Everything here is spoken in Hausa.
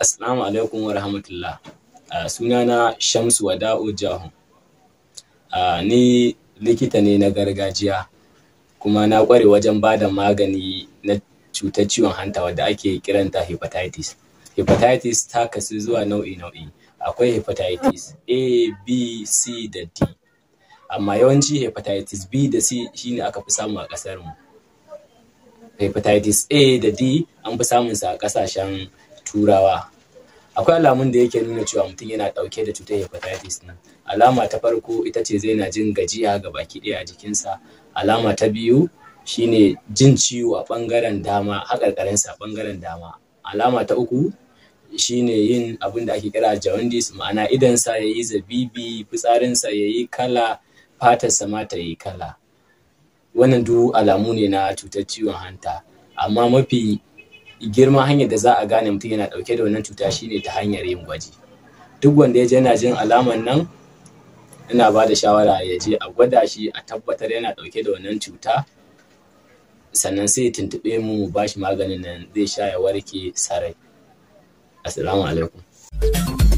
Assalamu alaikum wa rahmatullah. Uh, sunana Shamsu Wada'u Jahu. Uh, ni likita ne na gargajiya kuma na ƙware wajen ba da magani na cutar ciwon hanta wadda ake kiranta hepatitis. Hepatitis ta kasu zuwa nau'i-nau'i. Akwai hepatitis A, B, C da D. Amma yawanci hepatitis B da C shine aka fi samu a ƙasarmu. Hepatitis A da D an fi samunsa a ƙasashen turawa akwai alamun da yake nuna cewa mutum yana ɗauke da cutar hepatitis nan alama ta farko ita ce zai na jin gajiya ga baki ɗaya a jikinsa alama ta biyu shine jin ciwo a ɓangaren dama haƙarƙarinsa a ɓangaren dama alama ta uku shine yin abin da ake kira jaundice ma'ana idansa ya yi zabibi fitsarinsa ya yi kala fatarsa ma ta yi kala wannan duk alamu ne na cutar ciwon hanta amma mafi girman hanyar da za a gane mutum yana ɗauke da wannan cuta shine ta hanyar yin gwaji duk wanda ya je yana jin alamar nan ina ba da shawara ya je a gwada shi a tabbatar yana ɗauke da wannan cuta sannan sai ya tuntuɓe mu mu bashi maganin nan zai sha ya warke sarai assalamu alaikum